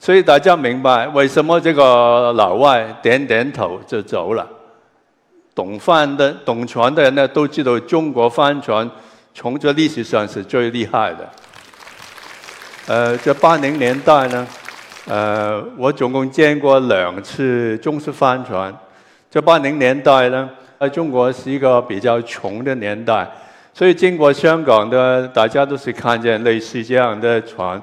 所以大家明白為什麼這個老外點點頭就走了。懂帆的、懂船的人呢，都知道中國帆船從這歷史上是最厲害的。呃，這八零年代呢，呃，我總共見過兩次中式帆船。這八零年代呢，在中國是一個比較窮的年代，所以經過香港的大家都是看見類似這樣的船。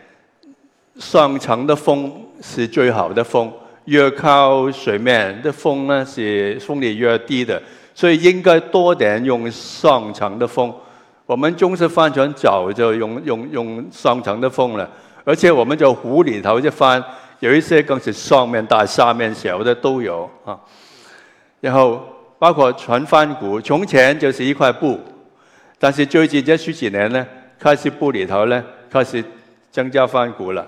上層的風是最好的風，越靠水面的風呢是風力越低的，所以應該多點用上層的風。我們中式帆船早就用用用上層的風了，而且我們就湖裏頭就翻，有一些更是上面大下面小的都有啊。然後包括船帆骨，從前就是一塊布，但是最近這十幾年呢，開始布裏頭呢開始增加帆骨了。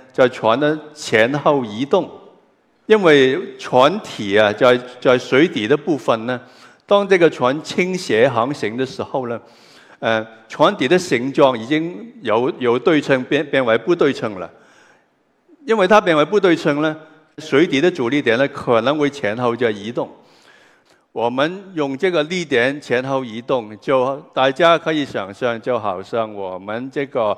在船的前後移動，因為船體啊，在在水底的部分呢，當這個船傾斜航行，行的時候呢，呃，船底的形狀已經由由對稱變變為不對稱了，因為它變為不對稱呢，水底的阻力點呢可能會前後在移動。我們用這個力點前後移動，就大家可以想象，就好像我們這個。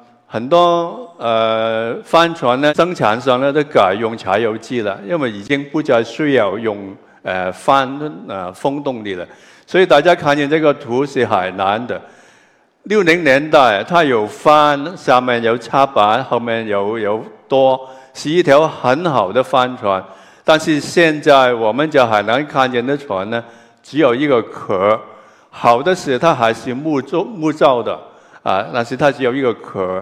很多呃帆船呢，生產上呢，都改用柴油機了，因為已經不再需要用呃帆啊、呃、風動力了，所以大家看見這個圖是海南的六零年代，它有帆，下面有插板，後面有有舵，是一條很好的帆船。但是現在我們在海南看見的船呢，只有一個殼，好的是它還是木造木造的啊，但是它只有一個殼。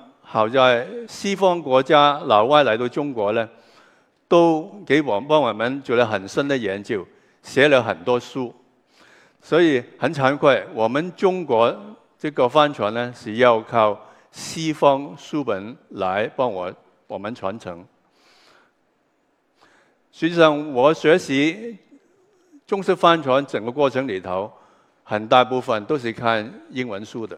好在西方國家老外來到中國呢，都給我幫我們做了很深的研究，寫了很多書，所以很慚愧，我們中國這個帆船呢，是要靠西方書本來幫我我們傳承。實際上我學習中式帆船整個過程裏頭，很大部分都是看英文書的。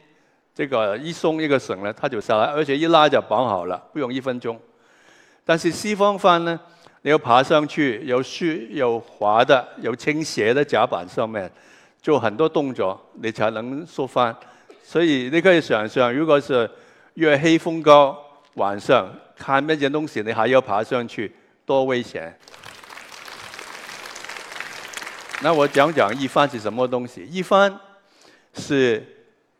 這個一鬆一個繩呢它就來，而且一拉就綁好了，不用一分鐘。但是西方翻呢，你要爬上去，有雪有滑的，有傾斜的甲板上面，做很多動作，你才能縮翻。所以你可以想像，如果是月黑風高晚上，看唔到件東西，你還要爬上去，多危險！ 那我講講一番是什麼東西？一番是。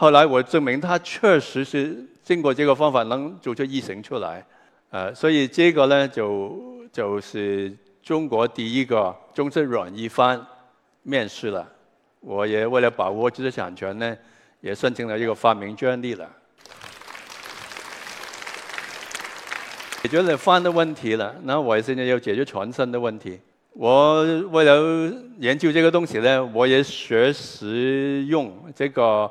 後來我證明他確實是經過這個方法能做出翼型出來，啊，所以這個呢，就就是中國第一個中式軟翼帆面世了。我也為了把握知識產權呢，也申請了一個發明專利了。解決了帆的問題了，那我現在要解決全身的問題。我為了研究這個東西呢，我也學識用這個。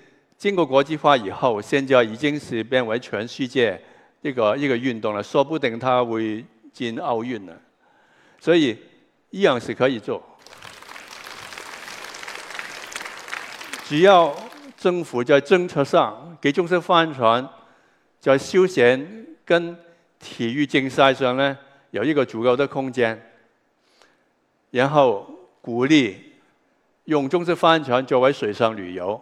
經過國際化以後，現在已經是變為全世界一個一個運動了，說不定它會進奧運了，所以一樣是可以做。只要政府在政策上，給中式帆船在休閒跟體育競賽上呢，有一個足夠的空間。然後鼓勵用中式帆船作為水上旅遊。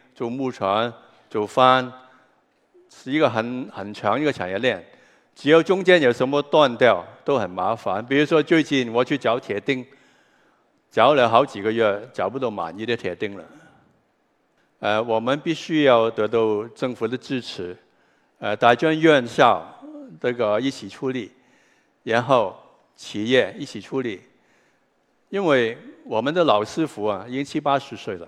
做木船、做帆，是一個很很長一個產業鏈，只要中間有什麼斷掉，都很麻煩，比如說最近我去找鐵釘。找了好幾個月，找不到滿意的鐵釘了。呃，我們必須要得到政府的支持，呃，大專院校這個一起出力，然後企業一起出力。因為我們的老師傅啊，已經七八十歲了。